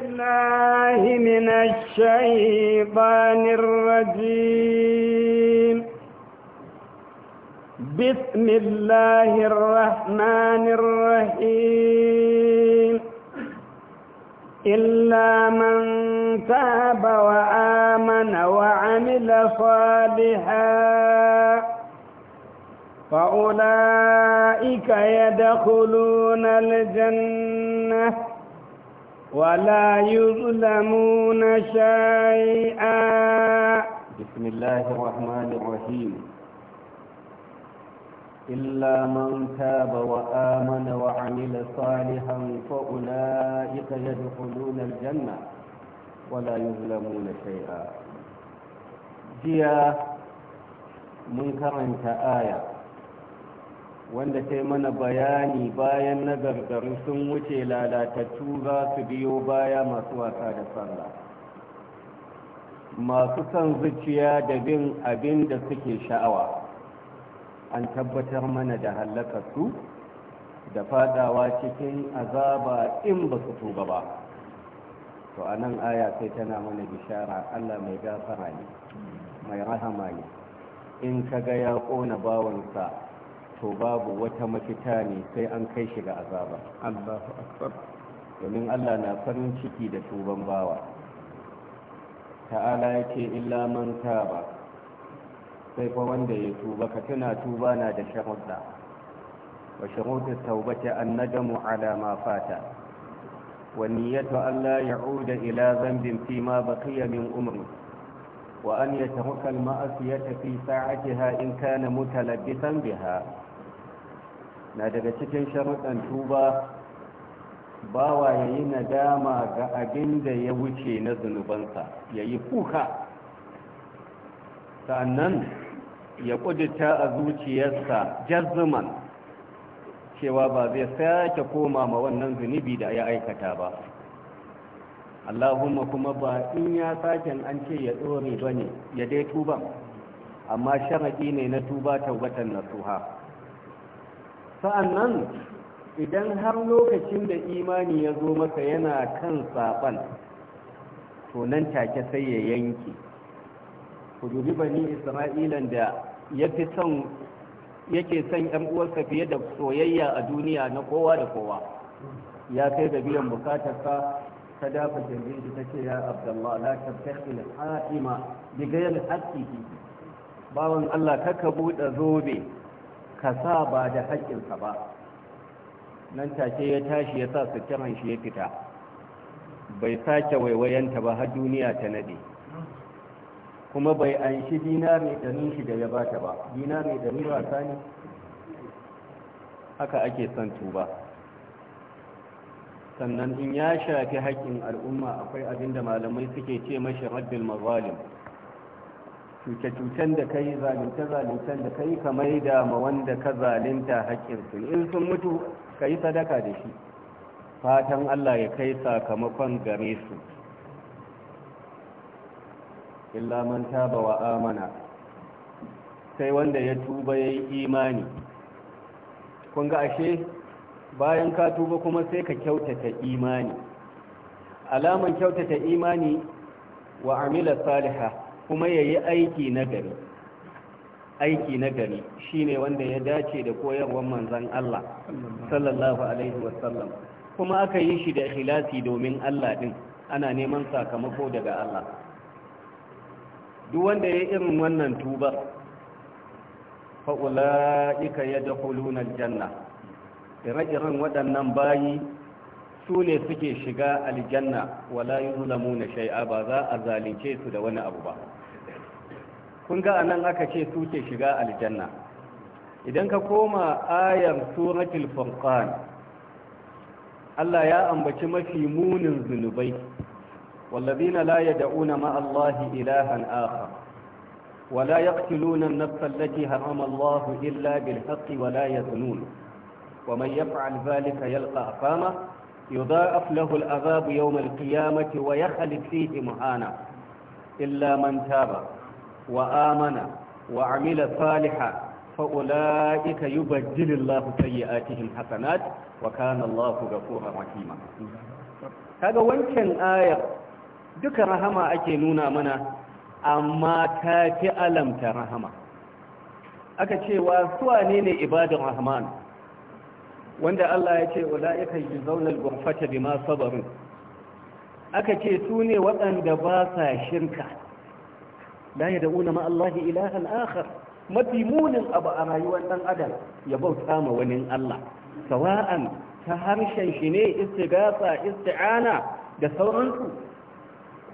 بالله من الشيطان الرجيم بسم الله الرحمن الرحيم إلا من تاب وآمن وعمل صالحاً فأولئك يدخلون الجنة ولا يظلمون شيئا بسم الله الرحمن الرحيم إلا من تاب وآمن وعمل صالحا فأولئك يدخلون الجنة ولا يظلمون شيئا جيا منكرا كآية wanda ta mana bayani bayan na gargaru sun wuce lalatattu za su biyo baya masu wasa da sallah masu son zuciya da bin abin da suke sha'awa an tabbatar mana da hallakarsu da fadawa cikin azaba in ba su tuba ba to a nan aya sai tana mana bishara allah mai gafara ne mai rahama ne in ka ga ya kona bawansa to babu wata mafita ne sai an kai shi ga azaba Allahu akbar domin Allah na farin ciki da tuban bawa ta'ala yake illa man taba sai fa wanda ya tuba ka tana tuba na da sharuɗa wa sharuɗu taubati an nadamu ala ma fata والنية أن لا يعود إلى ذنب فيما بقي من عمره وأن يترك المأسية في ساعتها إن كان متلبسا بها na daga cikin sharuɗan tuba bawa ya yi nadama ga abin da ya wuce na zunubansa ya yi kuka sannan ya ƙudita a zuciyarsa jazzuman cewa ba zai sake koma ma wannan zunubi da ya aikata ba allahumma kuma ba in ya saken an ce ya ɗore ba ne ya dai tuban amma sharaɗi ne na tuba taubatan nasuha sa'annan idan har lokacin da imani ya zo maka yana kan saɓan, to nan take sai ya yanki. ku dubi bani isra'ilan da ya yake son yan uwarsa fiye da soyayya a duniya na kowa da kowa ya kai da biyan bukatarsa ta dafa jirgin shi ta ce ya abdullahi la da hatima bi yin haƙƙi. bawan Allah kaka buɗe zobe ka sa ba da haƙƙinsa ba nan take ya tashi ya sa suturan shi ya fita bai sake waiwayenta ba har duniya ta nade kuma bai an shi dinari ɗanin shi da ya bata ba dinari ɗanin wasa ne haka ake son tuba sannan in ya shafi haƙƙin al'umma akwai abinda malamai suke ce mashi rabbil mazalim cuce-cucen da ka yi zalunce da ka yi ka maida ma wanda ka zalunta haƙƙinsu in sun mutu ka yi sadaka da shi fatan allah ya kai sakamakon game su illa man taba wa amana sai wanda ya tuba ya yi imani kun ga ashe bayan ka tuba kuma sai ka kyautata imani alaman kyautata imani wa amila salihah kuma ya yi aiki na gari aiki na gari ne wanda ya dace da koyarwar manzan Allah sallallahu alaihi wasallam kuma aka yi shi da hilasi domin Allah ɗin, ana neman sakamako daga Allah duk wanda ya yi irin wannan tuba fa ulaika yadkhuluna janna, ire-iren waɗannan bayi su ne suke shiga aljanna wala yuzlamuna shay'a ba za a zalunce su da wani abu ba kun ga anan aka ce su ke shiga aljanna idan ka koma ayar suratul furqan Allah ya ambaci mafi munin zunubai wallazina la yad'una ma Allah ilahan akhar ولا يقتلون النفس التي حرم الله إلا بالحق ولا يزنون ومن يفعل ذلك يلقى أقامه يضاعف له العذاب يوم القيامة ويخلد فيه مهانا إلا من تاب وآمن وعمل صالحا فأولئك يبدل الله سيئاتهم حسنات وكان الله غفورا رحيما kaga wancan ayar duka rahama ake nuna mana amma ta fi alamta rahama aka cewa suwa ne ne ibadin rahman wanda Allah ya ce ula'ika yuzawna al-ghurfata bima sabaru aka ce su ne waɗanda ba sa shirka la yad'una ma Allah ilahan akhar mafi munin abu a rayuwar dan adam ya bauta ma wani Allah sawa'an ta harshen shi ne istigasa isti'ana da sauransu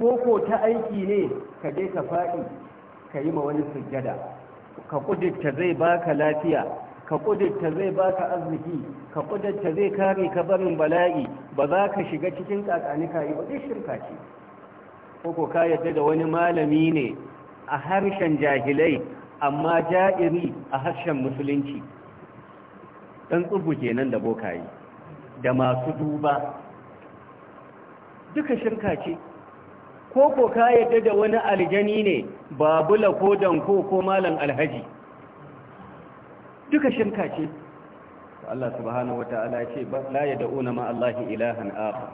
ko ko ta aiki ne ka je ka faɗi ka yi ma wani sujjada ka kudurta zai baka lafiya ka kudurta zai baka arziki ka kudurta zai kare ka barin bala'i ba za ka shiga cikin ƙaƙanika yi ba duk shirka ce ko ka yadda da wani malami ne a harshen jahilai amma ja'iri a harshen musulunci ɗan tsubu nan da bokayi da masu duba duka shirka ce ko ko ka yadda da wani aljani ne babula ko danko ko malam alhaji duka shirka ce Allah subhanahu wata'ala ce la da'una ma Allahi ilahan akhar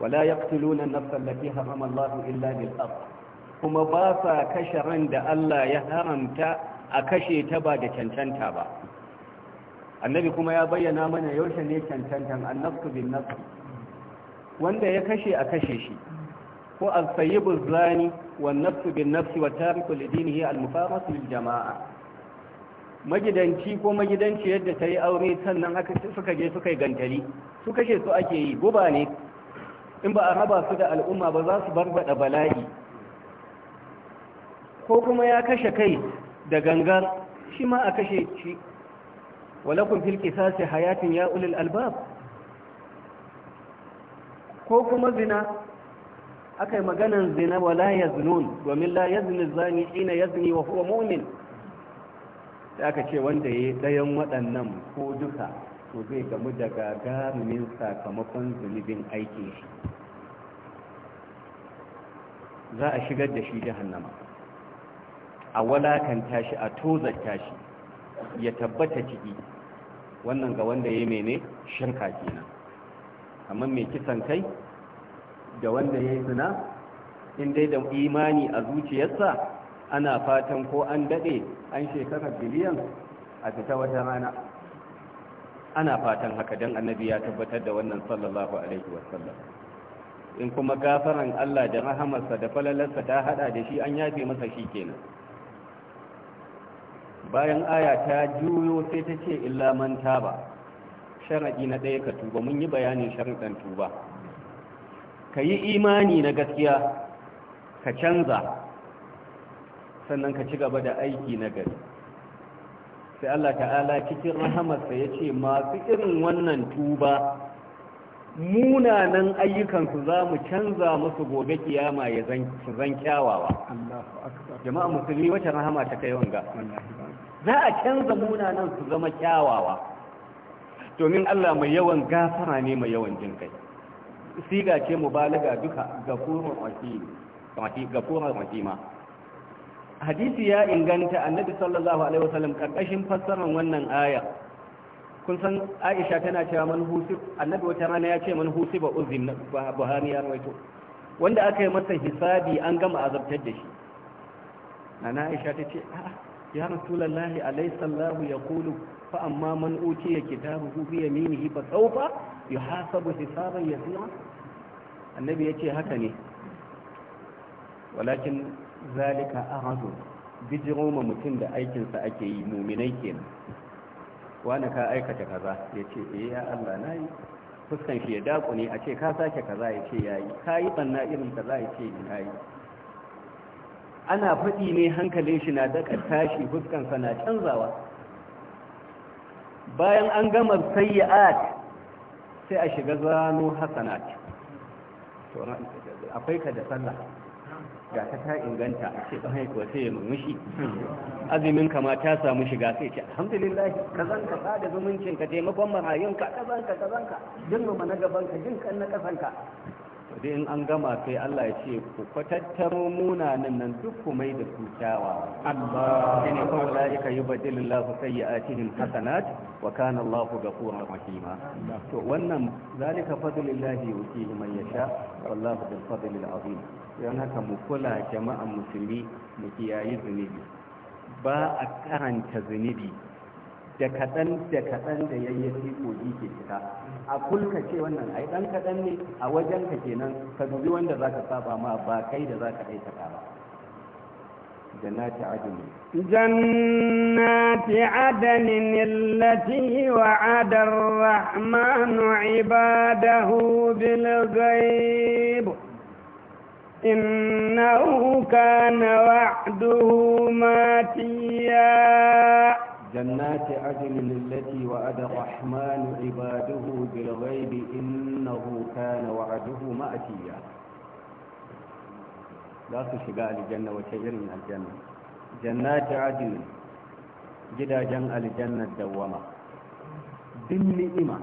Wala ya yaqtuluna an-nafsa allati harrama illa bil haqq kuma ba sa kashe ran da Allah ya haramta a kashe ta ba da cancanta ba annabi kuma ya bayyana mana yaushe ne cancantan annafsu bin nafsi wanda ya kashe a kashe shi ko al-sayyibu zani wan nafsu bin nafsi wa tariku lidinihi al-mufarasu lil jama'a magidanci ko magidanci yadda ta yi aure sannan aka suka je suka yi gantari su kashe su ake yi guba ne in ba a raba su da al'umma ba za su barbada bala'i ko kuma ya kashe kai da gangar shi ma a kashe shi walakun filki qisasi hayatin ya ulil albab ko kuma zina aka yi maganan zina wala yaznun domin la yazni zani ina yazni wa huwa mu'min da aka ce wanda ya yi ɗayan waɗannan ko duka to zai gamu da gagarumin sakamakon zunubin aikin shi za a shigar da shi jahannama a walakanta shi a tozarta shi ya tabbata ciki wannan ga wanda ya mene shirka kenan amma mai kisan kai da wanda ya yi zina in dai da imani a zuciyarsa ana fatan ko an daɗe an shekara biliyan a fita wata rana ana fatan haka don annabi ya tabbatar da wannan sallallahu alaihi wasallam in kuma gafaran Allah da rahamarsa da falalarsa ta hada da shi an yafe masa shi kenan bayan aya ta juyo sai ta ce illa man taba sharadi na ɗaya ka tuba mun yi bayanin sharadan tuba ka yi imani na gaskiya ka canza sannan ka ci gaba da aiki na gari sai Allah ta'ala cikin rahamarsa ya ce masu irin wannan tuba munanan ayyukansu za mu canza musu gobe kiyama ya zan kyawawa jama'a musulmi wata rahama ta kai wanga za a canza munanan su zama kyawawa domin Allah mai yawan gafara ne mai yawan jin kai siga ce mubalaga duka ga wasi ma. hadisi ya inganta annabi sallallahu alaihi wasallam karkashin fassarar wannan aya kun san Aisha tana cewa man husu, annabi wata rana ya ce man ba uzim Buhari ya rawaito wanda aka yi masa hisabi an gama azabtar da shi nana Aisha ta ce ya rasulullahi sallahu ya kulu fa amma man ya utiya kitabahu bi yaminihi fa sawfa yuhasabu hisaban yasira annabi ya ce haka ne walakin zalika aradu bijiro ma mutum da aikinsa ake yi muminai kenan wani ka aikata kaza ya ce eh ya Allah na yi fuskan shi ya daku ne a ce ka sake kaza ya ce ya yi ka yi banna irin kaza ya ce na ana faɗi ne hankalin shi na daga tashi fuskansa na canzawa bayan an gama sayyi'at sai a shiga zano hasanat akwai ka da sallah ga ta ta inganta a ce ɗan haikuwa sai ya murmushi azumin kama ta samu shiga sai ce alhamdulillah ka zanka ka da zumuncin ka taimakon marayun ka ka zanka ka zanka jin mana gaban ka jin kan na kasanka duk in an gama sai Allah ya ce ku kwatattaro munanan nan duk ku mai da su kyawa Allah shine fa ulaika yubdilu Allahu sayyi'atihim hasanat wa kana Allahu ghafurur rahima to wannan zalika fadlullahi yutihi man yasha wallahu bil fadlil azim dan haka mu kula jama'an musulmi mu kiyaye zunubi ba a karanta zunubi da kaɗan da kaɗan da yayi yi kogi ke fita a kulka ce wannan ai dan kaɗan ne a wajen ka kenan ka dubi wanda za ka saba ma ba kai da za ka aika ba jannati adani jannati adanin allati wa'ada ar-rahman ibadahu bil ghaib innahu kana wa'duhu matiya جنات عدن التي وعد الرحمن عباده بالغيب إنه كان وعده مأتيا لا تشقى الجنة وشجر من الجنة جنات عدن جدا جن الجنة دوما بالنئمة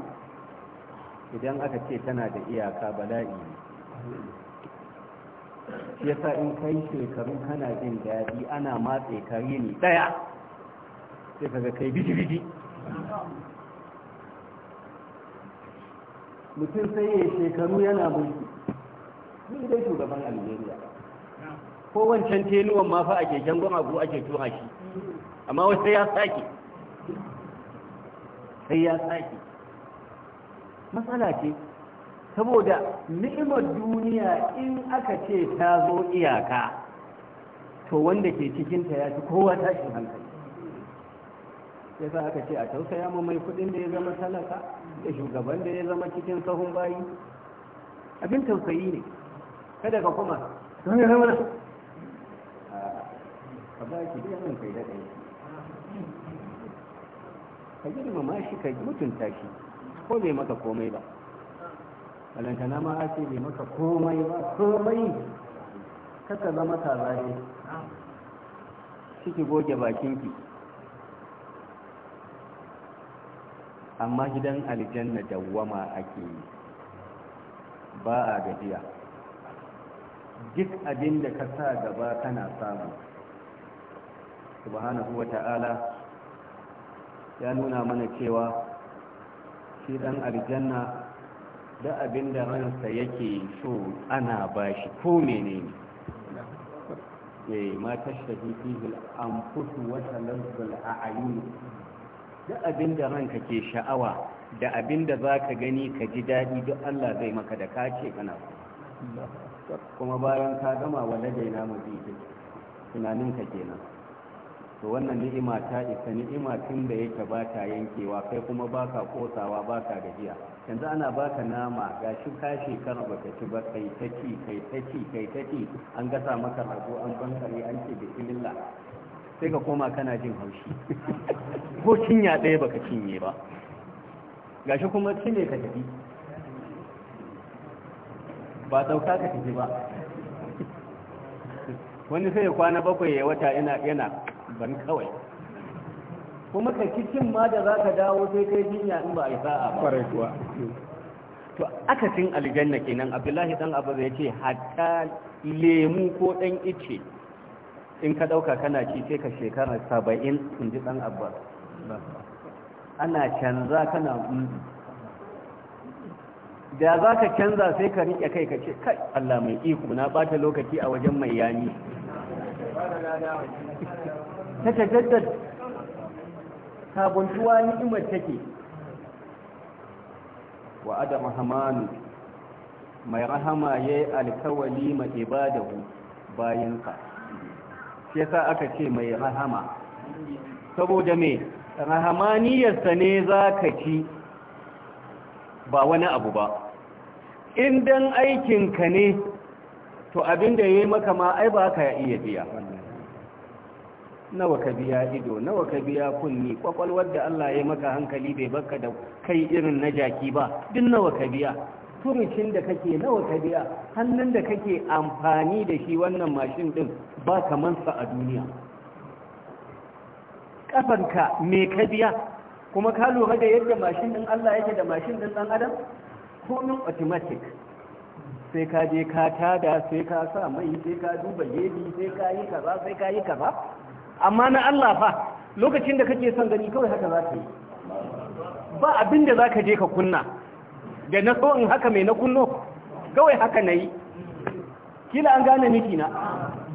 idan aka ce tana da iyaka bala'i shi yasa in kai shekaru kana jin daɗi ana matse ka yini ɗaya sai kaga kai biji-biji mutum sai ya shekaru yana mulki ni dai shugaban algeria ko wancan teluwan ma fa a keken gwamagu ake tuha shi amma wasu sai ya sake sai ya sake matsala ce saboda ni'imar duniya in aka ce ta zo iyaka to wanda ke cikinta ya fi kowa tashin hankali ya sa aka ce a tausaya ma mai kudin da ya zama talaka da shugaban da ya zama cikin sahun bayi abin tausayi ne kada ka kuma don ya zama ka ba shi da yawan kai da ɗaya ka girmama shi ka mutunta shi ko bai maka komai ba balantana ma ake bai maka komai ba komai kaka zama kaza ne ciki goge bakinki amma gidan aljanna dawwama ake yi ba a gajiya duk abin da ka sa gaba kana samu subhanahu wa ta'ala ya nuna mana cewa shi dan aljanna da abin da ransa yake so ana bashi ko menene ne eh, ma tashtahi fi al-anfus wa talazzul a'yun duk abin da ranka ke sha'awa da abin da za ka gani ka ji daɗi duk Allah zai maka da ka ce kana kuma bayan ka gama wanda dai na mafi tunanin ka kenan to wannan ni'ima ta isa ni'ima tun da yake ba ta yankewa kai kuma baka ka kosawa ba gajiya yanzu ana baka nama ga shi ka shekara ba ka ci ba kai ta ci kai ta ci kai ta ci an gasa maka rago an bankare an ce bismillah sai ka koma kana jin haushi ko cinya ɗaya baka cinye ba gashi kuma cine ka tafi ba dauka ka tafi ba wani sai ya kwana bakwai ya wata yana yana ban kawai kuma ka cikin ma da za ka dawo sai kai jinya in ba a yi sa'a ba to akasin aljanna kenan abdullahi dan abu zai ce hatta lemu ko dan ice in ka ɗauka kana ci sai ka shekara saba'in in ji ɗan Abba. ana canza kana ɗudu da za ka canza sai ka riƙe kai ka ce kai allah mai iko na ɓata lokaci a wajen mai yami ta tajaddad sabuntuwa ni'imar take wa adam hamanu mai rahama ya yi alkawali ma ibadahu ka. shi yasa aka ce mai rahama saboda me rahamaniyarsa ne zaka ci ba wani abu ba in dan aikinka ne to abinda ya yi maka ma ai ba ka iya biya nawa ka biya ido nawa ka biya kunni kwakwalwar da Allah ya maka hankali bai baka da kai irin na jaki ba duk nawa ka biya furucin da kake nawa ka biya hannun da kake amfani da shi wannan mashin din ba sa a duniya kafanka me ka biya kuma ka lura da yadda mashin din Allah yake da mashin din ɗan adam komin automatic sai ka je ka tada sai ka sa mai sai ka duba yebi sai ka yi kaza sai ka yi kaza amma na Allah fa lokacin da kake son gani kawai haka za ka yi ba abin da za ka je ka kunna da na so in haka mai na kunno kawai haka na yi kila an gane miki na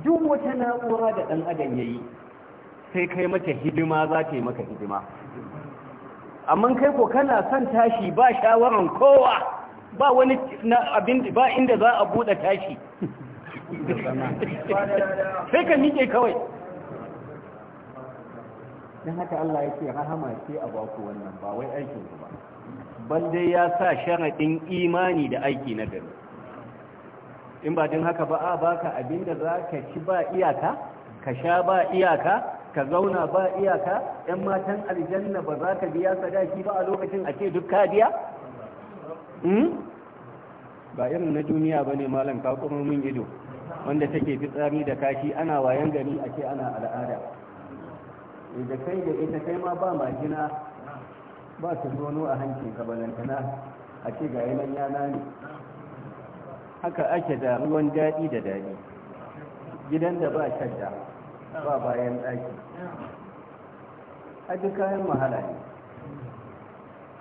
duk wata na'ura da ɗan adam ya yi sai kai mata hidima za ta yi maka hidima amma kai ko kana son tashi ba shawaran kowa ba wani abin ba inda za a buɗe tashi sai ka miƙe kawai don haka Allah ya ce rahama ce a baku wannan ba wai aikin ba babban dai ya sa sharaɗin imani da aiki na gari in ba din haka ba a baka abinda za ka ci ba iyaka ka sha ba iyaka ka zauna ba iyaka ‘yan matan aljanna ba za ka biya sadaki ba a lokacin a ce duk kadiya? Hmm? ba irin na duniya ba ne malam kakumomin ido wanda take fitsari da kashi ana wayan gari a ce ana al'ada eh, da kai da ita kai ma ba majina ba su nono a hankin kabalantana a ce ga yanar yana ne haka ake da ruwan daɗi da daɗi gidan da ba shadda ba bayan ɗaki Haji kayan mahala ne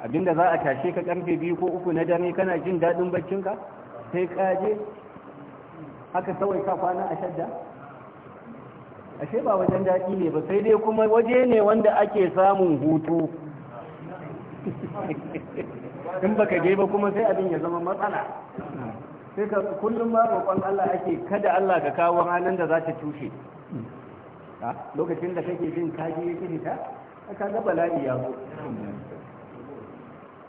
abinda za a tashe ka ƙarfe biyu ko uku na dare kana jin daɗin baccinka sai kaje haka sawai ka kwana a shadda ashe ba wajen daɗi ne ba sai dai kuma waje ne wanda ake samun hutu in baka je ba kuma sai abin ya zama matsala sai ka kullum ba roƙon Allah ake kada Allah ga kawo halin da za ta tushe lokacin da kake jin kaji ya ta aka ga bala'i ya zo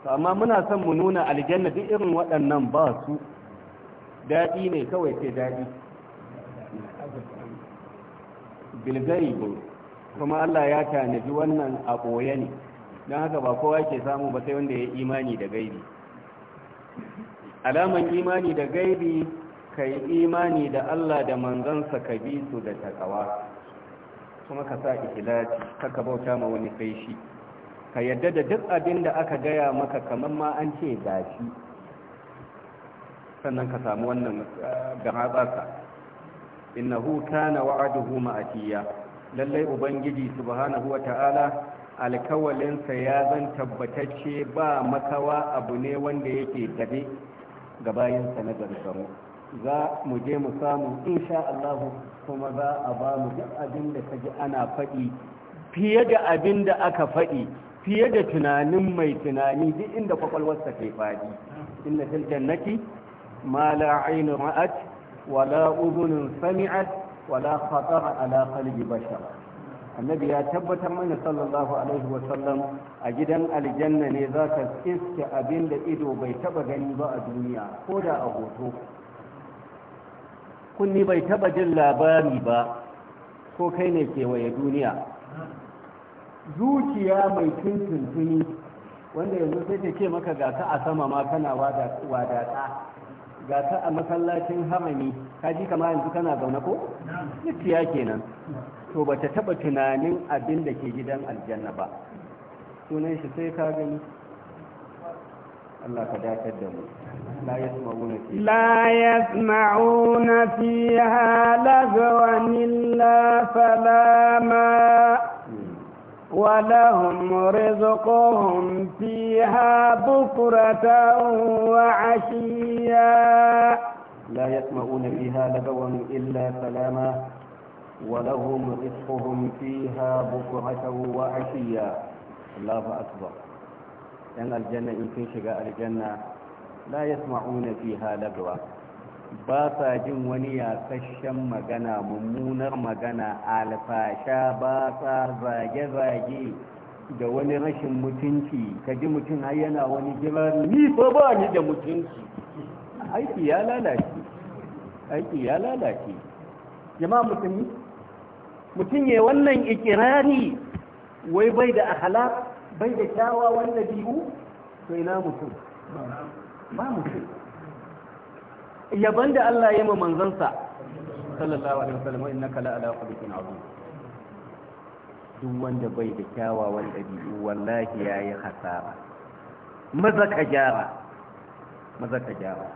amma muna son mu nuna aljanna duk irin waɗannan ba su daɗi ne kawai sai daɗi bilgari kuma Allah ya tanaji wannan a ɓoye ne don haka ba kowa ke samu ba sai wanda ya imani da gaibi alaman imani da gaibi ka yi imani da Allah da manzansa ka bi su da takawa kuma ka sa ikilaci ka bauta ma wani faishi ka yadda da duk abin da aka gaya maka kamar ma an ce gashi sannan ka samu wannan hatsarsa. Eh, innahu kana wa'aduhu ma'atiya lallai ubangiji subhanahu ta'ala alkawalinsa ya zan tabbatacce ba makawa abu ne wanda yake tabe ga bayansa na gargaru za mu je mu samu insha Allah kuma za a ba mu duk abin da ka ji ana faɗi fiye da abin da aka faɗi fiye da tunanin mai tunani duk inda kwakwalwarsa ke faɗi inna fil jannati ma la aynu ra'at wala udhunun sami'at wala khatara ala qalbi bashar annabi ya tabbatar mana sallallahu alaihi wasallam a gidan aljanna ne za ka iske abin da ido bai taba gani ba a duniya ko da a hoto kunni bai taba jin labari ba ko kai ne kewaye duniya zuciya mai tuntuntuni wanda yanzu sai ta ce maka ga a sama ma kana wadata ga a masallacin hamani ka ji kama yanzu kana zaune ko? zuciya kenan to ba ta taba tunanin abin da ke gidan aljanna ba sunan shi sai ka gani Allah ka dakar da mu la yasma'una fi la yasma'una fi halagwa illa salama ولهم رزقهم فيها بكرة وعشيا لا يسمعون فيها لغوا إلا سلاما ولهم رزقهم فيها بكرة وعشيا الله أكبر لأن الجنة إن تنشق الجنة لا يسمعون فيها لغوا باسا جن ونيا كشم مغنى ممونر مغنى الفاشا باسا زاجي زاجي da wani rashin mutunci ka ji mutum har yana wani jira ni fa ba ni da mutunci aiki ya lalace aiki ya lalace jama'a musulmi mutum ya wannan ikirari wai bai da ahala bai da kyawawan dabi'u to ina mutum ba mutum yaban da Allah ya ma manzansa sallallahu alaihi wasallam innaka la ala khuluqin azim duk wanda bai da kyawawan dabi'u wallahi yayi hasara maza ka gyara maza ka gyara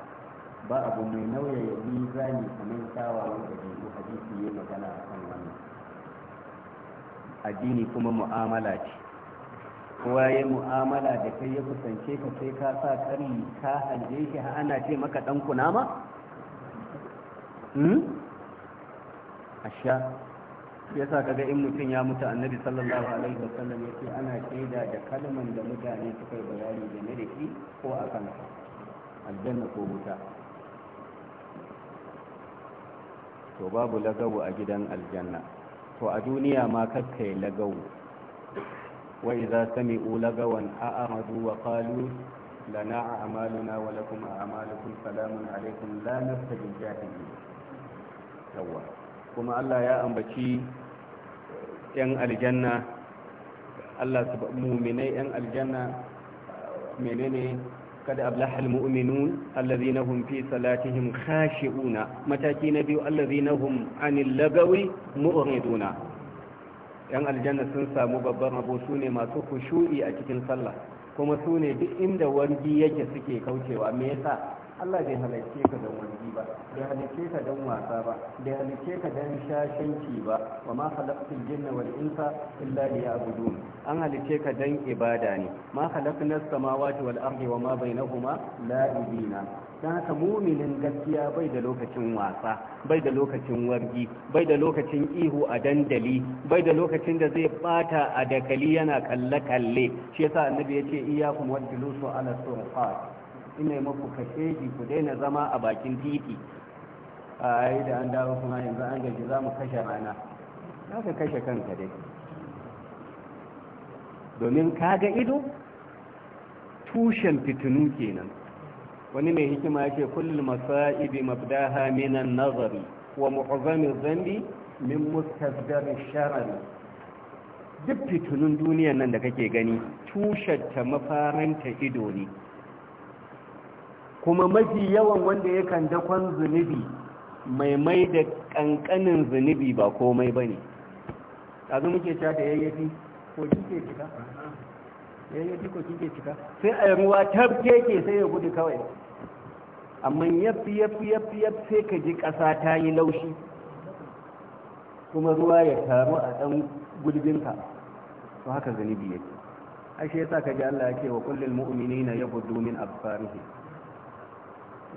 ba abu mai nauyi ya bi zani kamar kyawawan dabi'u hadisi yayi magana a akan addini kuma mu'amala ce kowa ya mu'amala da kai ya kusance ka sai ka sa kari ka hanje shi ana ce maka dan kunama hmm asha yasa kaga in mutum ya mutu annabi sallallahu alaihi wasallam yace ana shaida da kalman da mutane suka yi bayani da shi ko a kan aljanna ko wuta to babu lagabu a gidan aljanna to a duniya ma kakkai lagau wa idza sami'u lagawan a'amadu wa Kalu, lana a'maluna wa lakum a'malukum salamun alaikum la naftahi jahili yawa kuma Allah ya ambaci yan aljanna Allah ba muminai yan aljanna menene kada ablahal mu'minun allazi na hun fi salatihim khashi'una mataki na biyu allazi na hun anil lagawi yan aljanna sun samu babban abu sune masu kushu'i a cikin sallah kuma sune duk inda wargi yake suke kaucewa me yasa Allah bai halarce ka don wani ba bai halarce ka don wasa ba bai halarce ka dan shashanci ba wa ma khalaqtul jinna wal insa illa liya'budun an halarce ka don ibada ne ma khalaqnas samawati wal ardi wa ma bainahuma la'ibina dan haka muminin gaskiya bai da lokacin wasa bai da lokacin wargi bai da lokacin ihu a dandali bai da lokacin da zai bata a dakali yana kalle kalle shi yasa annabi yace iyyakum wal julusu ala surqat ina kashe kashedi ku daina zama a bakin titi a yi da an dawo kuma yanzu an gaji za mu kashe rana za ka kashe kanka dai domin kaga ido tushen fitinu kenan wani mai hikima ya ce kullum masa'ibi mabdaha minan nazari wa mu'azzamin zambi min mustaddarin sharari duk fitinun duniyan nan da kake gani ta mafaranta ido ne kuma mafi yawan wanda ya kan dakon zunubi mai mai da kankanin zunubi ba komai ba ne ɗazu muke ta da yayyafi ko kike cika yayyafi ko kike cika sai a ruwa tafke ke sai ya gudu kawai amma yafi yafi yafi yafi sai ka ji ƙasa ta yi laushi kuma ruwa ya taru a ɗan gudubinka to haka zunubi yake ashe yasa ka ji Allah ya ce wa kullum mu'minina yaghuddu min absarihim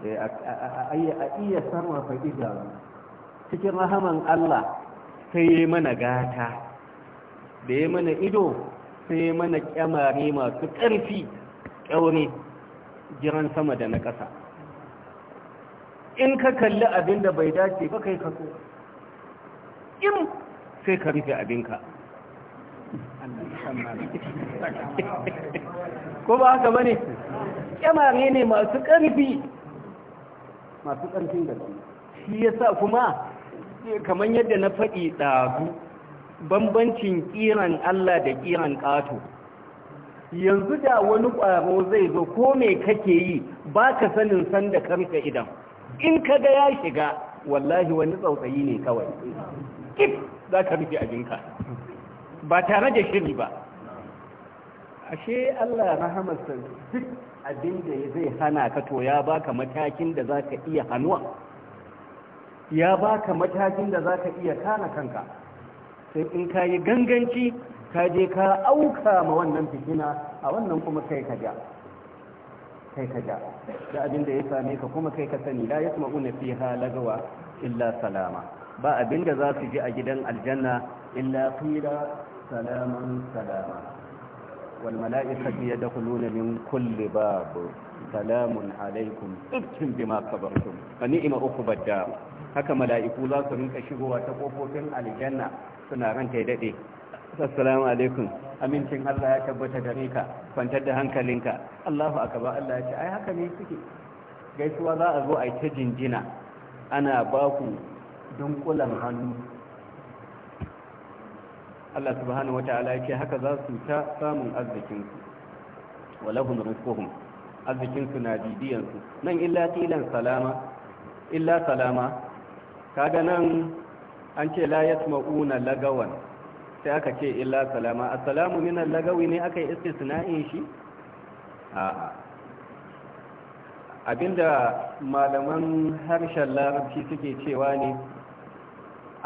Eh, a iya sarrafa idanu cikin rahaman Allah sai ya mana gata da ya mana ido sai ya mana kyamari masu ƙarfi ƙyaure jiran sama da na ƙasa in ka kalli abin da bai dace ba kai kaso in sai ka rufe abinka ko ba haka bane kyamare ne masu ƙarfi masu ƙarfin gaske shi yasa kuma kamar yadda na faɗi ɗazu bambancin ƙiran Allah da ƙiran ƙato yanzu da wani ƙwaro zai zo ko me kake yi ba ka sanin sanda karfe idan in ka ga ya shiga wallahi wani tsautsayi ne kawai kif za ka rufe abinka ba tare da shiri ba ashe Allah rahamarsa duk abin da zai hana ka to ya baka matakin da za ka iya hannuwa ya baka matakin da za ka iya kana kanka sai in ka yi ganganci ka je ka auka ma wannan fitina a wannan kuma kai ka ja kai ka ja da abin da ya same ka kuma kai ka sani la yasma'una fiha lagawa illa salama ba abin da za su ji a gidan aljanna illa qila salaman salama والملائكة يدخلون من كل باب سلام عليكم ابتم بما صبرتم فنئم أخب الدار haka mala'iku za su rinka shigowa ta ƙofofin aljanna suna ranta ya daɗe assalamu alaikum amincin Allah ya tabbata gare ka kwantar da hankalinka Allahu akbar Allah ya ce ai haka ne suke gaisuwa za a zo a yi ta jinjina ana baku dunkulan hannu Allah subhanahu wataala yake haka za su ta samun arzikin su walahum rizquhum arzikin su na bibiyan su nan illa tilan salama illa salama kaga nan an ce la yasma'una lagawan sai aka ce illa salama assalamu min lagawi ne aka yi istisna'in shi a'a abinda malaman harshen larabci suke cewa ne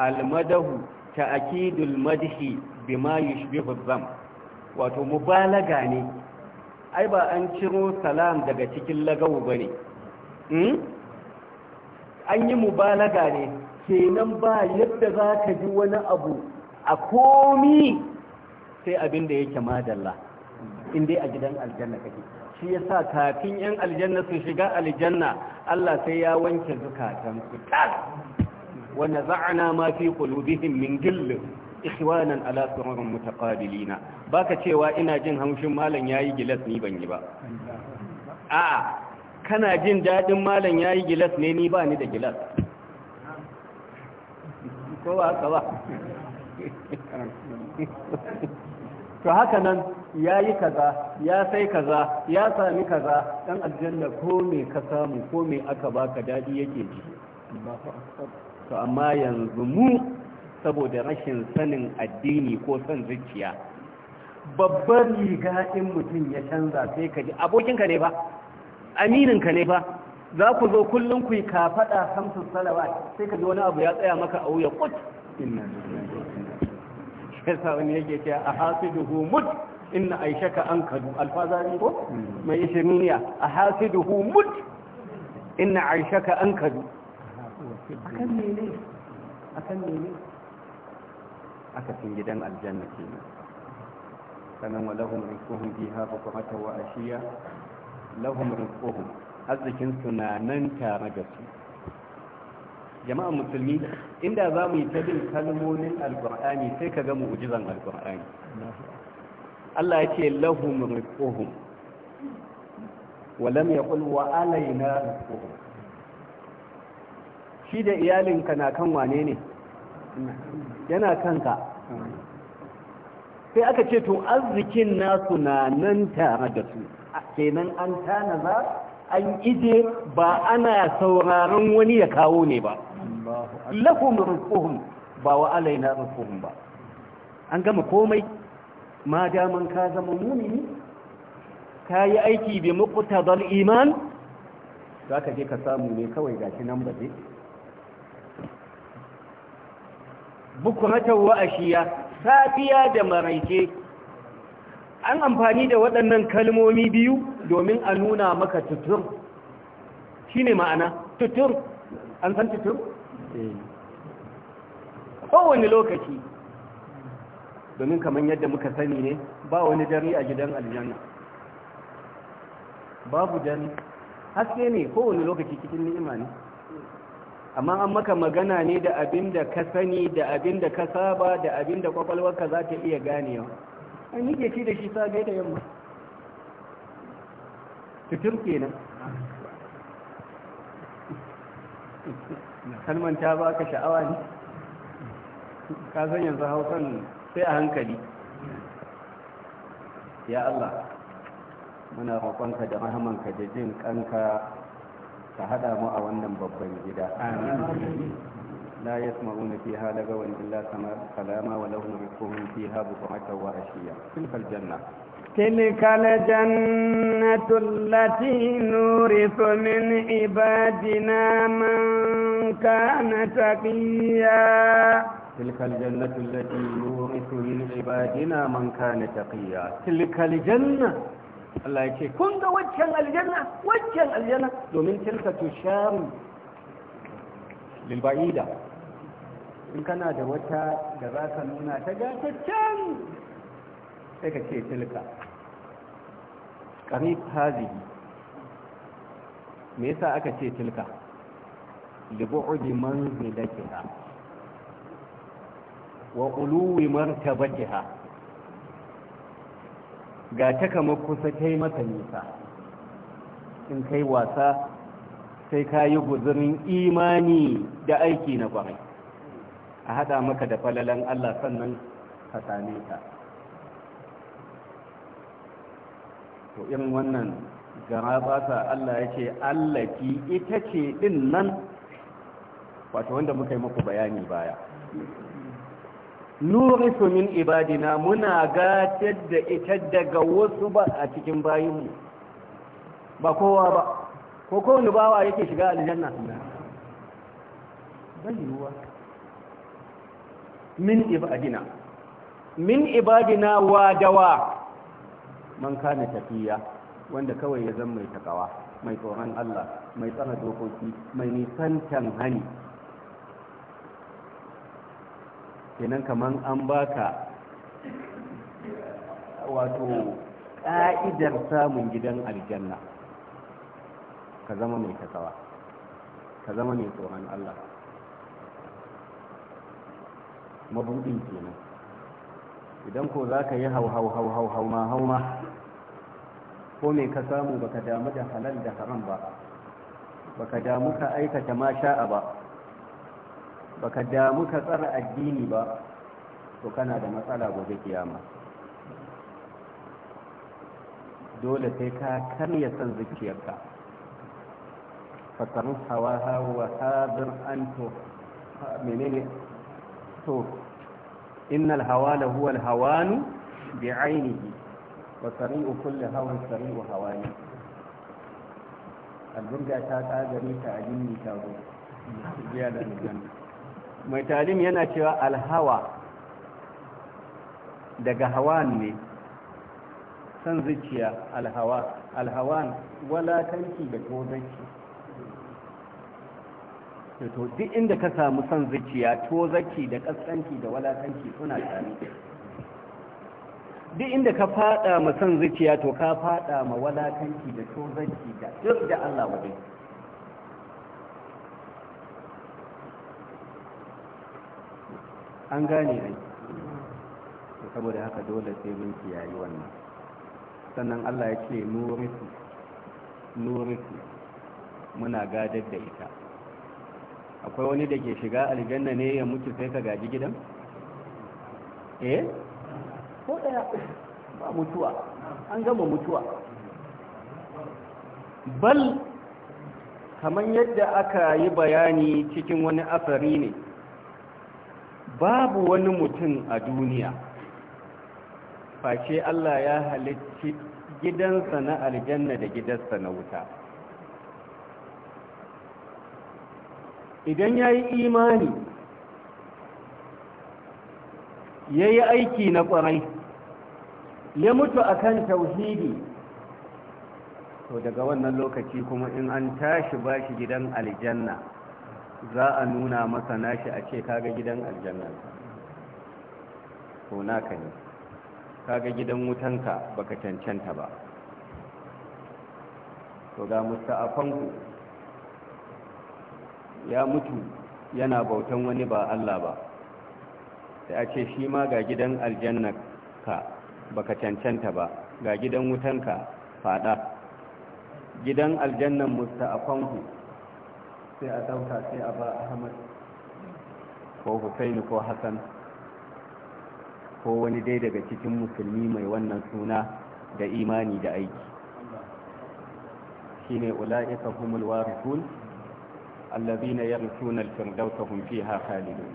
almadahu ta'akidul madhi bima yushbihu zam wato mubalaga ne ai ba an ciro salam daga cikin lagawu bane hmm? an yi mubalaga ne kenan ba yadda za ka ji wani abu a komi sai abin da yake madalla inda a gidan aljanna kake shi yasa kafin yan aljanna su shiga aljanna Allah sai ya wanke zukatansu tas ونزعنا ما ma fi من جل إخوانا على ala متقابلين باكا تيوا cewa ina jin haushin malam جلس gilas ni ban yi ba a'a kana jin جلس malam yayi gilas ne ni ba ni da gilas to haka nan yayi kaza ya sai kaza ya sami kaza dan aljanna ko me ka samu ko me aka baka dadi yake ji to amma yanzu mu saboda rashin sanin addini ko son zuciya babbar riga in mutum ya canza sai ka ji abokinka ne ba amininka ne ba za ku zo kullum ku yi kafaɗa hamsin salawat sai ka ji wani abu ya tsaya maka a wuya kut yasa wani yake ce a hasiduhu mut inna aishaka an kadu alfazari ko mai ishiriniya a hasiduhu mut inna aishaka an kadu akan mene akan mene aka cin gidan aljanna ke nan. sanan wa lahum rizquhum fiha bukratan wa ashiya lahum rizquhum arzikin su na nan tare da su jama'a musulmi inda za mu yi ta bin kalmomin alkur'ani sai ka ga mu'ujizan alkur'ani Allah ya ce lahum rizquhum wa lam yaqul wa alaina rizquhum shi da iyalinka na kan wane ne yana kanka sai aka ce to arzikin nasu na nan tare da su kenan an tana za an ije ba ana sauraron wani ya kawo ne ba lahum rizquhum ba wa alaina rizquhum ba an gama komai ma daman ka zama mumini ka yi aiki bi muqtadal iman Za ka je ka samu ne kawai gashi nan ba zai. a wa'ashiya safiya da maraice an amfani da waɗannan kalmomi biyu domin a nuna maka tutur shi ne ma'ana tutur an san tutur? Eh. kowane lokaci domin kamar yadda muka sani ne ba wani dare a gidan aljanna babu dare haske ne kowane lokaci cikin ni'ima ne amma an maka magana ne da abin da ka sani da abin da ka saba da abin da kwakwalwarka za ta iya ganewa an yi ke ci da shi safe da yamma fitir kenan kalman ta ba ka sha'awa ne ka san yanzu hausan sai a hankali ya Allah muna roƙonka da rahamanka da jin kanka فهذا hada mu a wannan babban لا يسمعون فيها لغوا إلا سلاما ولهم رزقهم فيها بكرة وعشيا تلك الجنة تلك الجنة التي نورث من عبادنا من كان تقيا تلك الجنة التي نورث من عبادنا من كان تقيا تلك الجنة Allah ya ce kun ga waccan aljanna waccan aljanna domin tilka tusharu lil ba'ida in kana da wata da za ka nuna ta ga ta can sai ka ce tilka qarib hazihi me yasa aka ce tilka li bu'di manzilatiha wa quluwi martabatiha ga ta kama kusa ta yi masa nisa in kai wasa sai ka yi guzurin imani da aiki na kwarai a haɗa maka da falalan Allah sannan ka same ta to irin wannan gara sa Allah ya ce allaki ita ce din nan wato wanda muka yi maku bayani baya nurisu min ibadina muna gatar da ita daga wasu ba a cikin bayinmu ba kowa ba ko kowane bawa yake shiga aljanna bayuwa min ibadina min ibadina wa dawa man kana tafiya wanda kawai ya zama mai takawa mai tsoron Allah mai tsana dokoki mai nisan can hani kenan kaman an baka wato ka'idar samun gidan aljanna ka zama mai tsawa, ka zama mai tsoron Allah mabudin kenan idan ko za ka yi hau hau hau hau hau ma hau ma ko mai ka samu baka damu da halal da haram ba baka damu ka aikata ma sha'a ba baka damu ka tsara addini ba to kana da matsala gobe kiyama dole sai ka karya san zuciyarka fatarun hawa hawa hadir an to menene to innal hawa la huwa al hawanu bi ainihi wa sari'u kulli hawan sari'u hawani albunga ta kagare ta ajinni ta go biya da nan mai talim yana cewa alhawa daga hawan ne san zuciya alhawa alhawan kanki da tozarci to duk inda ka samu san zuciya tozarci da kaskanci da walakanci suna tare duk inda ka fada ma san zuciya to ka fada ma walakanci da tozarci da duk da Allah wadai an gane ne, da saboda haka dole sai mun kiyaye wannan sannan Allah ya ce nurisu nurisu muna gadar da ita akwai wani da ke shiga aljanna ne ya mutu sai ka gaji gidan eh ko daya ba mutuwa an gama mutuwa bal kamar yadda aka yi bayani cikin wani asari ne babu wani mutum a duniya face Allah ya halicci gidansa na aljanna da gidansa na wuta idan ya yi imani ya yi aiki na ƙwarai ya mutu akan tauhidi to daga wannan lokaci kuma in an tashi bashi gidan aljanna za a nuna masa nashi a ce kaga gidan aljanna ko naka ne kaga gidan wutanka baka cancanta ba to ga musta'afanku ya mutu yana bautan wani ba Allah ba sai a ce shi ma ga gidan ka baka cancanta ba ga gidan wutanka fada gidan aljannan musta'afanku sai a dauka sai a ba ahmad ko husaini ko hassan ko wani dai daga cikin musulmi mai wannan suna da imani da aiki shine ula'ika humul warithun allazina yarithuna al hum fiha khalidun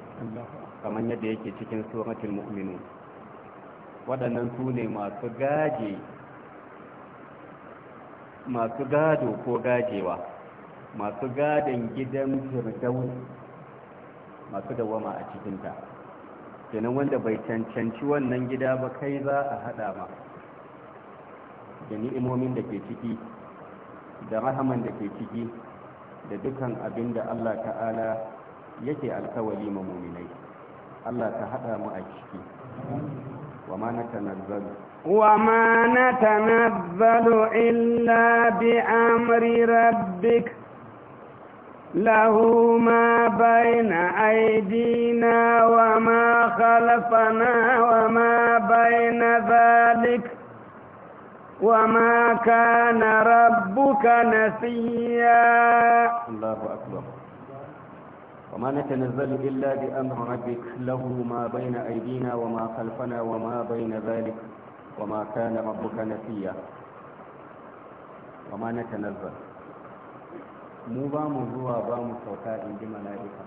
kamar yadda yake cikin suratul mu'minun waɗannan su ne masu gaje masu gado ko gajewa masu gadon gidan firdaus masu dawama a cikinta kenan wanda bai cancanci wannan gida ba kai za a hada ma da ni'imomin da ke ciki da rahaman da ke ciki da dukan abin da Allah ta'ala yake alkawali ma muminai Allah ta hada mu a ciki wa ma natanazzalu wa ma natanazzalu illa bi amri rabbika له ما بين أيدينا وما خلفنا وما بين ذلك وما كان ربك نسيا الله أكبر وما نتنزل إلا بأمر ربك له ما بين أيدينا وما خلفنا وما بين ذلك وما كان ربك نسيا وما نتنزل mu ba mu zuwa ba mu sauka in ji mala'ika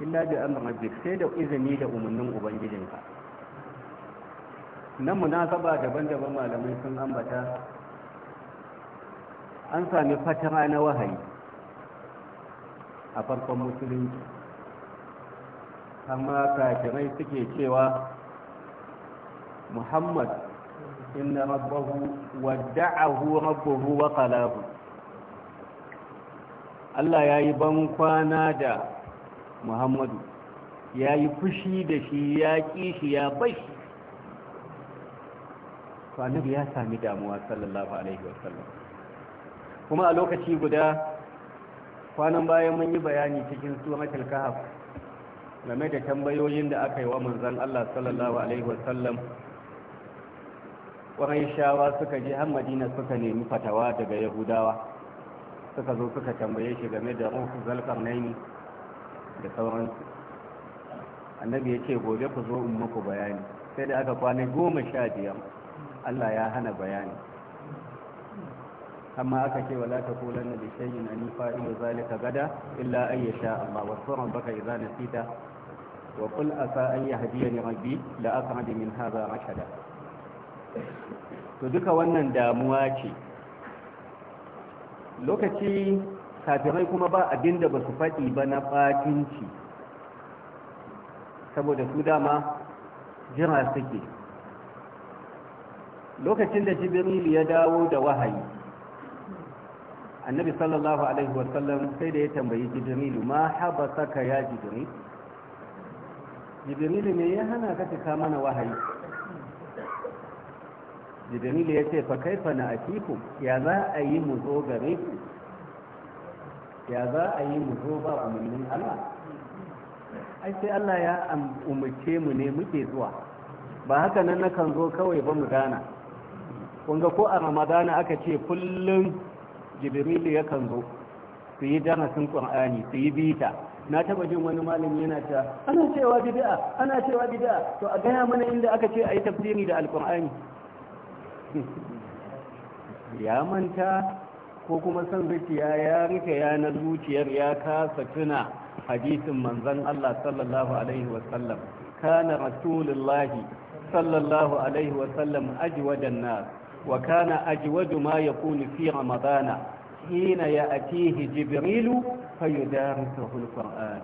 illa bi an rabbik sai da izini da umarnin ubangijinka nan munasaba daban-daban malamai sun ambata an sami fatara na wahayi a farkon musulunci amma kafirai suke cewa muhammad inna rabbahu wadda'ahu rabbuhu wa qalahu Allah ya yi ban kwana da muhammadu ya yi fushi da shi ya ƙi shi ya bashi to annabi ya sami damuwa sallallahu alaihi wasallam kuma a lokaci guda kwanan bayan mun yi bayani cikin suratul kahf game da tambayoyin da aka yi wa manzon Allah sallallahu alaihi wasallam shawa suka je har Madina suka nemi fatawa daga Yahudawa suka zo suka tambaye shi game da ruhu zalkar naini da sauransu annabi ya ce gobe ku zo in muku bayani sai da aka kwana goma sha biyar allah ya hana bayani amma aka ce wala ta kula na da shayin ani fa'ilu zalika gada illa an ya sha amma wasu rabbaka na nasita wa qul asa an yahdiyani rabbi la aq'ad min hadha rashada to duka wannan damuwa ce lokaci kafirai kuma ba abin da ba su faɗi ba na ɓatinci saboda su dama jira suke lokacin da jibril ya dawo da wahayi annabi sallallahu alaihi wasallam sai da ya tambayi jibril ma haba saka ya jibril jibril ne ya hana ka cika mana wahayi jibril ya ce fa kaifa na atiku ya za a yi mu zo gare ku ya za a yi mu zo ba umarnin Allah ai sai Allah ya umarce mu ne muke zuwa ba haka nan kan zo kawai ba mu gana kunga ko a ramadana aka ce kullum jibril kan zo su yi darasin qur'ani su yi bita na taba jin wani malami yana ta ana cewa bid'a ana cewa bid'a to a gaya mana inda aka ce ayi tafsiri da alqur'ani ya manta ko kuma son zuciya ya rufe yanar zuciyar ya kasa tuna hadisin manzan Allah sallallahu alaihi wasallam kana rasulullahi sallallahu alaihi wasallam Aji nas wa kana ajwadu ma yakunu fi ramadana hina ya'tihi jibrilu fayudarisuhu alquran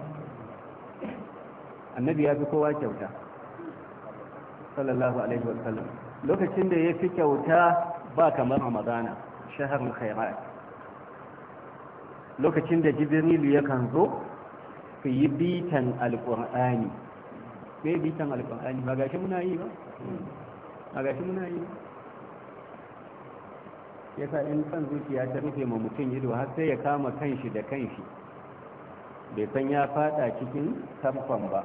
annabi ya fi kowa kyauta sallallahu alaihi wasallam lokacin da ya fi kyauta ba kamar ramadana shaharin khairat lokacin da jibrilu ya kan zo ku yi bitan alƙur'ani me bitan alƙur'ani ba gashi muna yi ba ba gashi muna yi ya sa in san zuciya ta rufe ma mutum ido har sai ya kama kanshi da kanshi bai san ya fada cikin kamfan ba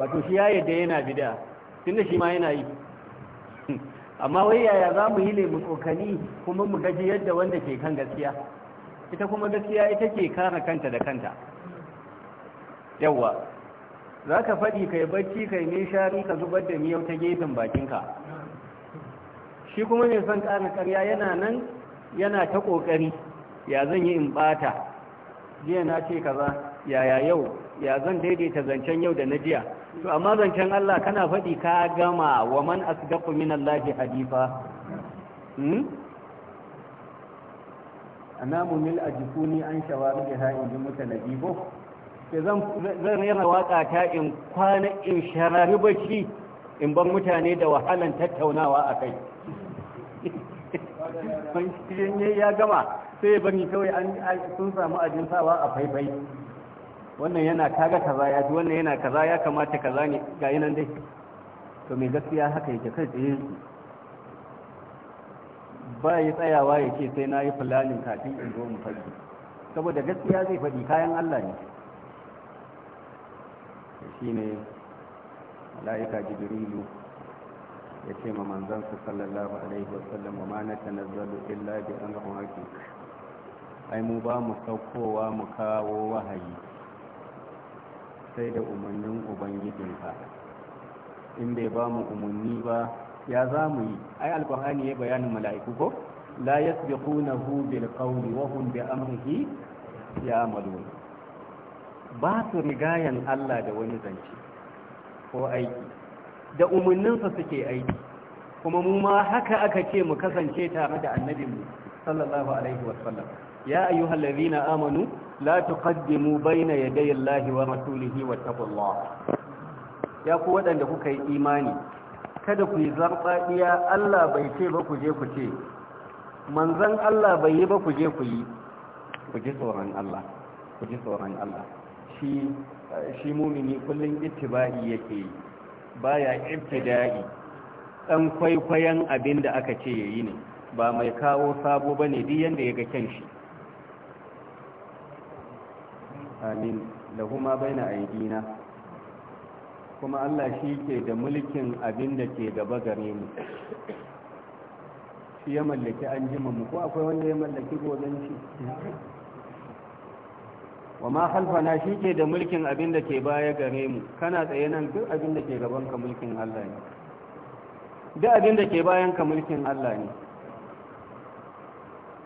wato shi ya yadda yana bida tun da shi ma yana yi amma wai yaya za mu yi ne mu tsokani kuma mu gaji yadda wanda ke kan gaskiya ita kuma gaskiya ita ke kara kanta da kanta yawwa za ka faɗi kai bacci kai nishari ka zubar da miyau ta gefen bakinka shi kuma mai son kara karya yana nan yana ta ƙoƙari ya zan yi in ɓata jiya na ce kaza yaya yau ya zan daidaita zancen yau da na jiya to amma zancen Allah kana faɗi ka gama wa man asdaqu min Allah hadifa hmm anamu mil ajkuni an shawari ha in mutanabi ko ke zan zan yana waka ta in kwana in sharari bacci in bar mutane da wahalan tattaunawa akai ban shi ya gama sai bani kawai an sun samu ajin sawa a faifai wannan yana kaga kaza ya ji wannan yana kaza ya kamata kaza ne ga yi nan dai to mai gaskiya haka yake kai tsaye ba ya tsayawa ya ce sai na yi fulanin kafin in zo mu fadi saboda gaskiya zai faɗi kayan Allah ne shi ne mala'ika jibrilu ya ce ma manzansa sallallahu alaihi wasallam ma na tanazzalu illa bi amri ai mu ba mu saukowa mu kawo wahayi sai da umarnin ubangijinsa in bai ba mu umarni ba ya za mu yi ai alfahani ya bayanin mala'iku ko la yasbiqunahu bil qawli wahun hum bi amrihi amalu ba su rigayen Allah da wani zance ko aiki da umarninsa suke aiki kuma mu ma haka aka ce mu kasance tare da annabinmu sallallahu alaihi wasallam ya ayyuhal ladina amanu la tuqaddimu bayna yaday Allahi wa rasulihi wattaqullah ya ku waɗanda kuka yi imani kada ku yi zarfadiya Allah bai ce ba ku je ku ce manzon Allah bai yi ba ku je ku yi ku ji tsoron Allah ku ji tsoron Allah shi shi mumini kullun ittiba'i yake baya ibtida'i dan kwaikwayon abinda aka ce yayi ne ba mai kawo sabo bane duk yanda yaga kyan shi amin da kuma baina aidina kuma Allah shi ke da mulkin abin da ke gaba gare mu shi ya mallaki an jima mu ko akwai wanda ya mallaki goben shi wa ma halfana shi ke da mulkin abin da ke baya gare mu kana tsaye nan duk abin da ke gaban ka mulkin Allah ne duk abin da ke bayan ka mulkin Allah ne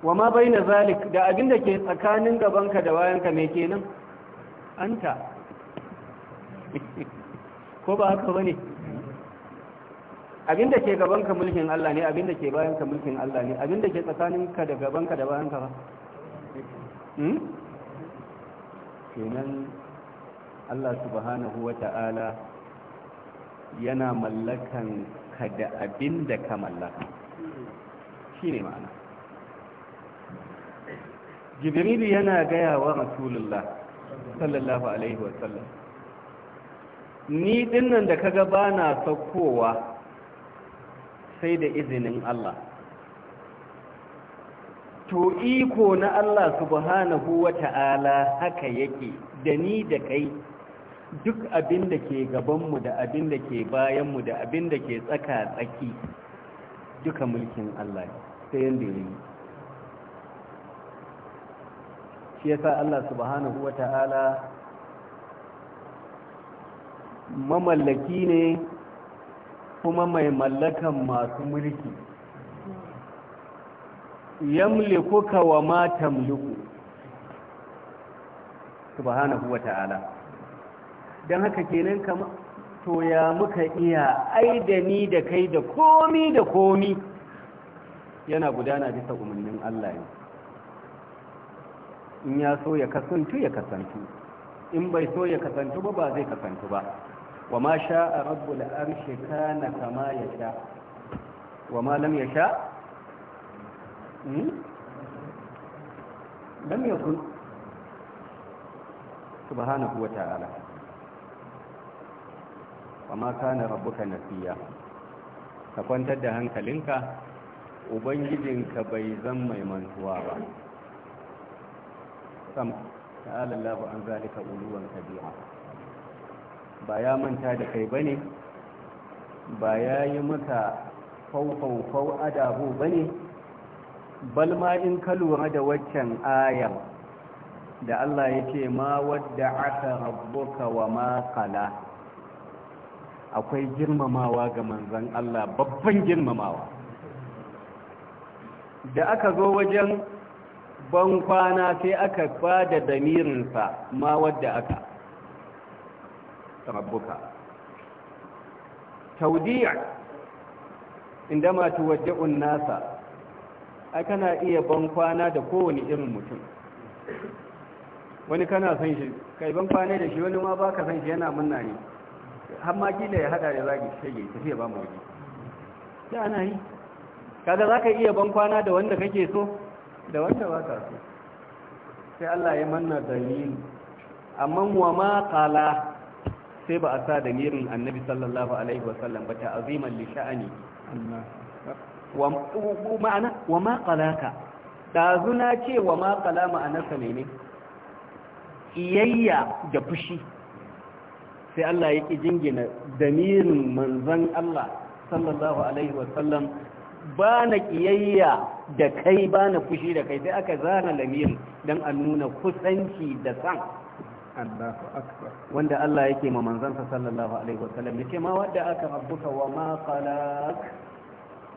wa ma bai na zalik da abin da ke tsakanin gabanka da ka mai kenan anta ko ba haka bane abinda ke gabanka mulkin Allah ne abinda ke bayanka mulkin Allah ne abinda ke tsakaninka da gabanka da bayanka ba hmm kenan Allah subhanahu wata'ala yana mallakan ka da abinda ka mallaka shine ma'ana jibril yana gaya wa rasulullah sallallahu alaihi wasallam ni dinnan da kaga bana saukowa sai da izinin Allah to iko na Allah subhanahu wata'ala haka yake da ni da kai duk abin da ke gabanmu da abin da ke bayanmu da abin da ke tsaka tsaki duka mulkin Allah sai yanda yake shi yasa Allah subhanahu wa ta'ala mamallaki ne kuma mai mallakan masu mulki kuka wa ma tamliku subhanahu wa ta'ala don haka kenan kama to ya muka iya ai da ni da kai da komi da komi yana gudana bisa umarnin Allah ne in ya so ya kasantu ya kasantu in bai so ya kasantu ba ba zai kasantu ba wa ma sha'a rabbul arshi kana kama sha wa ma lam yasha hmm? lam yakun subhanahu wa ta'ala wa ma kana rabbuka nasiya ka kwantar da hankalinka ubangijinka bai zan mai mantuwa ba sama ta'ala Allah an zalika uluwan kabira ba ya manta da kai bane ba ya yi maka faufau fau fau adabu bane bal ma in ka lura da waccan ayar da Allah ya ce ma wadda aka rabbuka wa ma kala akwai girmamawa ga manzan Allah babban girmamawa da aka zo wajen ban kwana sai aka ba da damirinsa ma wadda aka rabbuka taudiya inda ma tuwaddi'un nasa ai kana iya ban kwana da kowane irin mutum wani kana san shi kai ban kwana da shi wani ma ba ka san shi yana munna ne har ma kila ya hada da zagi shige tafiya ba mu waje da ana yi kaga za ka iya ban kwana da wanda kake so da wanda ba ta so sai Allah ya manna dalili amma wa ma qala sai ba a sa dalilin annabi sallallahu alaihi wasallam ba ta aziman li sha'ani wa ma'ana wa ma qalaka dazuna ce wa ma qala ma'anarsa ne iyayya da fushi sai Allah ya ƙi jingina damirin manzan Allah sallallahu Alaihi wasallam ba na ƙiyayya da kai ba na fushi da kai sai aka zana lamirin don a nuna kusanci da san wanda Allah yake ma manzansa sallallahu alaihi wasallam yace ma wanda aka rabbuka wa ma qalaq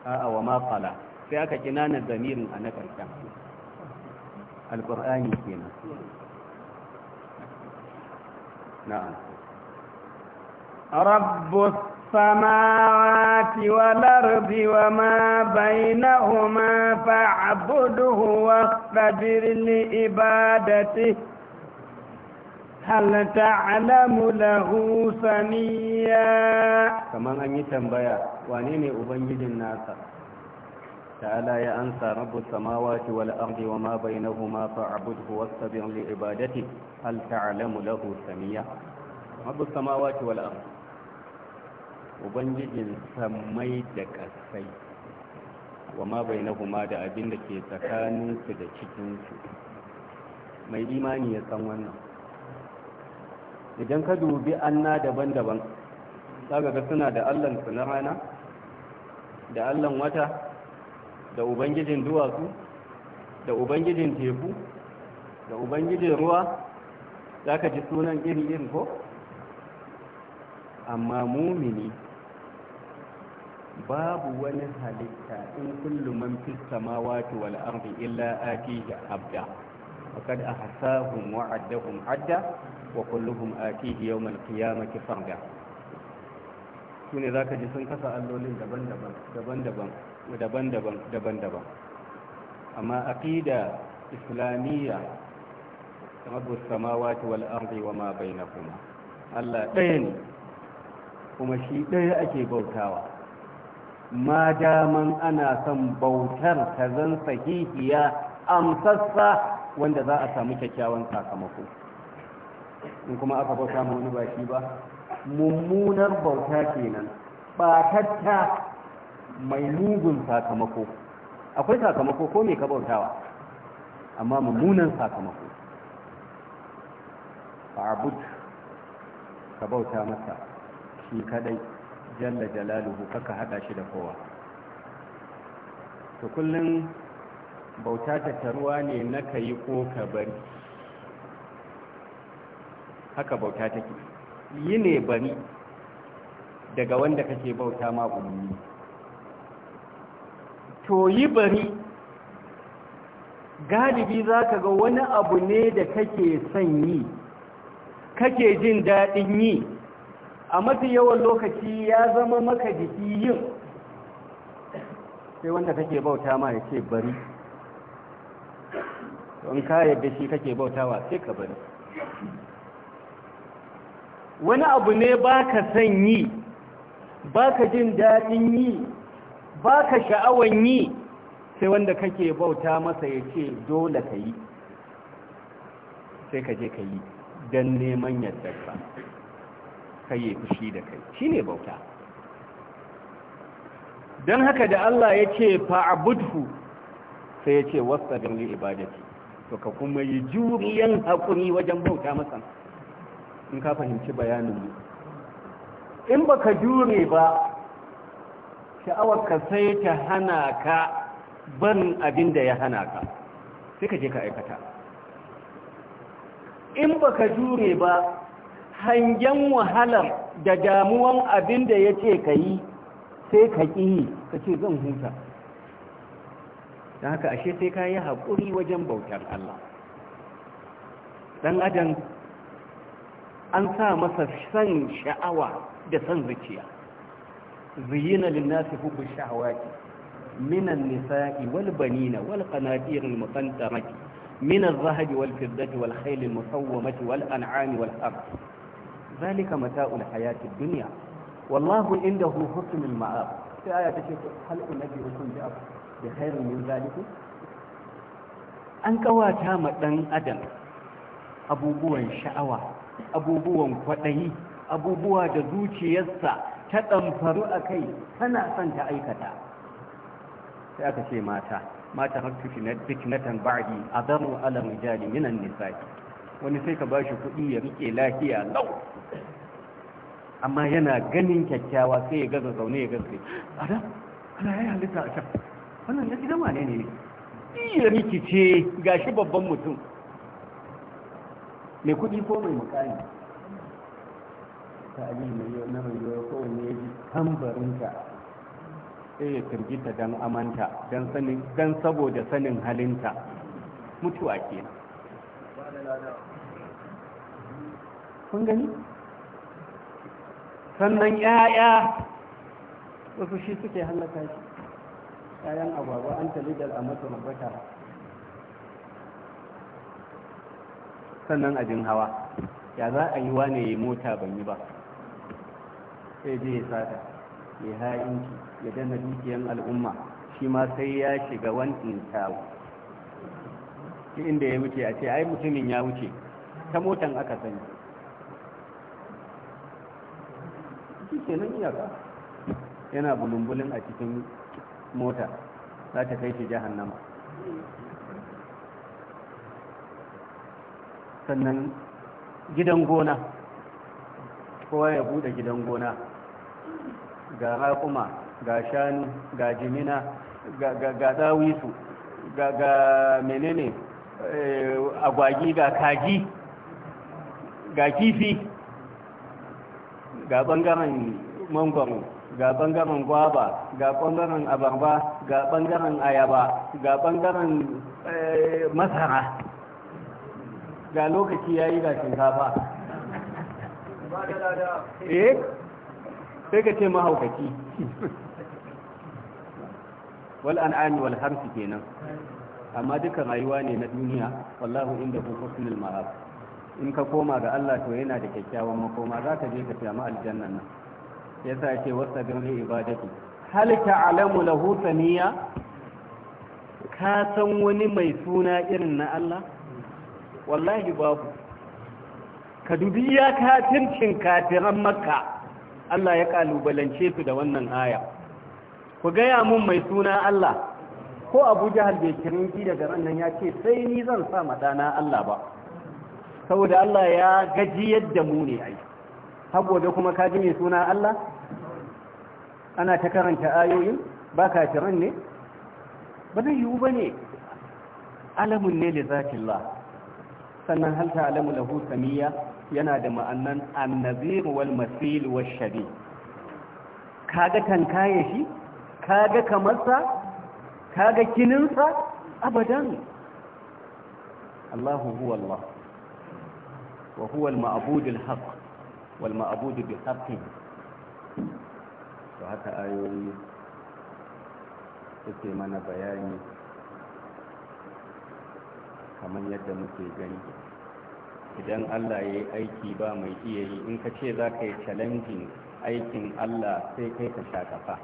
a'a wa ma qala sai aka kinana zamirin a na karshen alqur'ani kenan na'am رب السماوات والأرض وما بينهما فاعبده واصطبر لعبادته هل تعلم له سميا كما أني تنبيا وانيني أبنجد الناس تعالى يا أنسى رب السماوات والأرض وما بينهما فاعبده واصطبر لعبادته هل تعلم له سميا رب السماوات والأرض ubangijin samai da kasai wa ma bai na kuma da abin da ke tsakaninsu da cikinsu mai imani ya san wannan idan ka dubi anna daban-daban ga suna da allansu na rana da allon wata da ubangijin duwatsu da ubangijin teku da ubangijin ruwa za ka ji sunan iri-iri ko amma mumini babu wani halitta in kullum man fi samawati wal ardi illa atihi abda faqad ahsahum wa addahum adda wa kulluhum atihi yawm al qiyamati farda sune zaka ji sun kasa allolin daban-daban daban-daban daban-daban daban-daban amma aqida islamiyya rabbus samawati wal ardi wa ma bainahuma Allah ɗaya ne kuma shi ɗaya ake bautawa ma daman ana son bautar ta zan sahihiya amsassa wanda za a samu kyakkyawan sakamako in kuma aka bauta samu wani baki ba mummunar bauta kenan batatta mai mugun sakamako akwai sakamako ko me ka bautawa amma mummunan sakamako fa'abud ka bauta masa shi kadai jalla jalaluhu kaka hada shi da kowa to kullun bauta tattaruwa ne na ka yi ko ka bari haka bauta take yi ne bari daga wanda kake bauta ma umumi to yi bari galibi za ka ga wani abu ne da kake son yi kake jin daɗin yi a mafi yawan lokaci ya zama maka jiki yin sai wanda kake bauta ma ya ce bari don ka yadda shi kake bautawa sai ka bari wani abu ne ba ka son yi ba ka jin daɗin yi ba ka sha'awan yi sai wanda kake bauta masa ya ce dole ka yi sai ka je ka yi don neman yadda ka kai ya fushi da kai shine bauta don haka da Allah ya ce fa'abudhu sai ya ce wasabin li ibadati to ka kuma yi juriyan haƙuri wajen bauta masa in ka fahimci bayanin mu in baka jure ba sha'awar ka sai ta hana ka ban abin da ya hana ka sai ka je ka aikata in baka jure ba hangen wahalar da damuwan abin da ya ce ka yi sai ka ƙi ka ce zan huta da haka ashe sai ka yi haƙuri wajen bautar Allah Dan adam an sa masa son sha'awa da son zuciya zuyina linnasi hubbu shahawati minan nisa'i wal banina wal qanatir al muqantamati min wal fiddati wal khayl al wal an'ami wal harth zalika mata'ul hayatid duniya, wallahu inda husnul ma'ab sai aya ta ce hal unabiukum bi bi khairin min zalikum an kawata ma dan adam abubuwan sha'awa abubuwan kwaɗayi, abubuwa da zuciyarsa ta ɗamfaru a kai tana son ta aikata sai aka ce mata mata har na fitinatan ba'adi a zama ala mujali minan nisa'i wani sai ka bashi kuɗi ya rike lafiya lau amma yana ganin kyakkyawa sai ya gaza zaune ya gaza adam ana ya halitta a can wannan ya gidan wane ne ce, rikice shi babban mutum mai kuɗi ko mai mukami ta abin mai na rayuwa kowanne ya ji tambarinka sai ya firgita don amanta don saboda sanin halinta mutuwa kenan kun gani sannan ƴaƴa wasu shi suke hallaka shi ƴaƴan agwagwa an talidar a mata rubuta sannan abin hawa ya za a yi wane ya mota ban yi ba sai zai ya sata ya ha'in ya dana dukiyan al'umma shi ma sai ya shiga wancan tawo inda ya wuce a ce ai mutumin ya wuce ta motan aka sani shi kenan iyaka yana bulumbulin a cikin mota za ta kai shi jahannama sannan gidan gona kowa ya bude gidan gona ga raƙuma ga shanu ga jimina ga dawisu ga menene eh, agwagi ga kaji ga kifi ga bangaren mangwaro ga bangaren gwaba ga bangaren abarba ga bangaren ayaba ga bangaren eh, masara ga lokaci ya yi ga shinkafa eh sai ka ce mahaukaci wal an'ami wal harfi kenan amma dukkan rayuwa ne na duniya wallahu inda hukun husnul ma'ab in ka koma ga Allah to yana da kyakkyawan makoma za ka je ka samu aljannan nan ya sa ce wasa ibadati hal ta'lamu lahu saniya ka san wani mai suna irin na Allah wallahi babu ka dubi ya kafircin kafiran makka Allah ya kalubalance su da wannan aya ku gaya mun mai suna Allah ko Abuja jahal bai kirin daga rannan ya ce sai ni zan sa madana Allah ba saboda Allah ya gajiyar da mu ne ai saboda kuma ka ji suna Allah ana ta karanta ayoyin ba ka kiran ne ba zai yiwu ba ne alamun ne da zatillah sannan halta alamu lahu samiyya yana da ma'annan annabir wal masil wal shabi kaga tankaye shi kaga kamarsa kaga kininsa abadan Allahu huwa Allah wa huwa al-ma'bud al-haq to haka ayoyi suke mana bayani kamar yadda muke gani idan Allah ya yi aiki ba mai iya yi in ka ce za ka yi challenging aikin Allah sai kai ka shakafa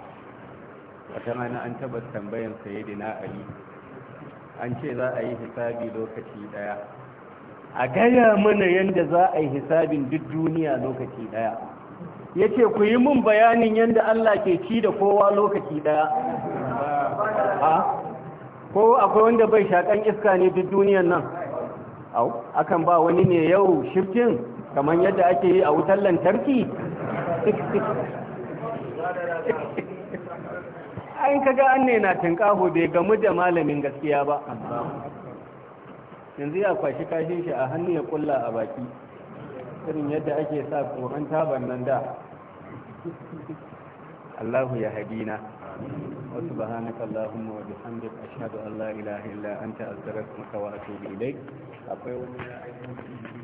wata rana an taba tambayan sayidina Ali an ce za a yi hisabi lokaci daya a gaya mana yadda za a yi hisabin duk duniya lokaci daya ya ce ku yi mun bayanin yadda Allah ke ci da kowa lokaci daya ko akwai wanda bai shakan iska ne duk duniyan nan akan ba wani ne yau shirkin? kamar yadda ake yi a wutar lantarki an kaga an ne na tunƙaho bai gamu da malamin gaskiya ba yanzu ya kwashi kashin shi a hannu ya kulla a baki irin yadda ake sa tsohon taban nan da Allahu ya hadina wa subhanaka allahumma wa bihamdik ashhadu an la ilaha illa anta astaghfiruka wa atubu ilaik akwai wani ya